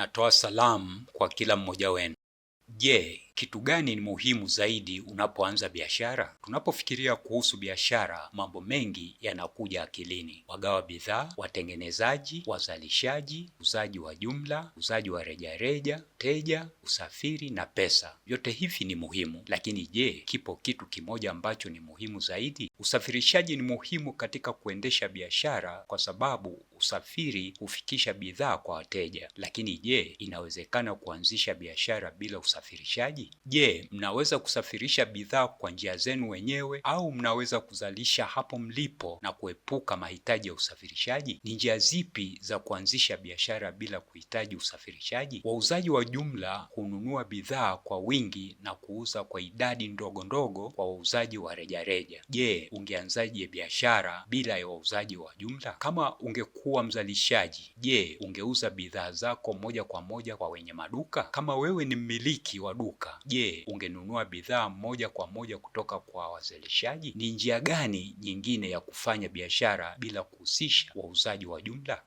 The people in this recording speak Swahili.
natoa salamu kwa kila mmoja wenu. Je, kitu gani ni muhimu zaidi unapoanza biashara? Tunapofikiria kuhusu biashara, mambo mengi yanakuja akilini: wagawa bidhaa, watengenezaji, wazalishaji, uzaji wa jumla, uzaji wa rejareja, teja, usafiri na pesa. Vyote hivi ni muhimu, lakini je, kipo kitu kimoja ambacho ni muhimu zaidi? Usafirishaji ni muhimu katika kuendesha biashara kwa sababu usafiri hufikisha bidhaa kwa wateja. Lakini je, inawezekana kuanzisha biashara bila usafirishaji? Je, mnaweza kusafirisha bidhaa kwa njia zenu wenyewe au mnaweza kuzalisha hapo mlipo na kuepuka mahitaji ya usafirishaji? Ni njia zipi za kuanzisha biashara bila kuhitaji usafirishaji? Wauzaji wa jumla hununua bidhaa kwa wingi na kuuza kwa idadi ndogo ndogo kwa wauzaji wa rejareja. Je, ungeanzaje biashara bila ya wauzaji wa jumla? Kama ungekuwa mzalishaji, je, ungeuza bidhaa zako moja kwa moja kwa wenye maduka? Kama wewe ni mmiliki wa duka duka, je, ungenunua bidhaa moja kwa moja kutoka kwa wazalishaji? Ni njia gani nyingine ya kufanya biashara bila kuhusisha wauzaji wa jumla?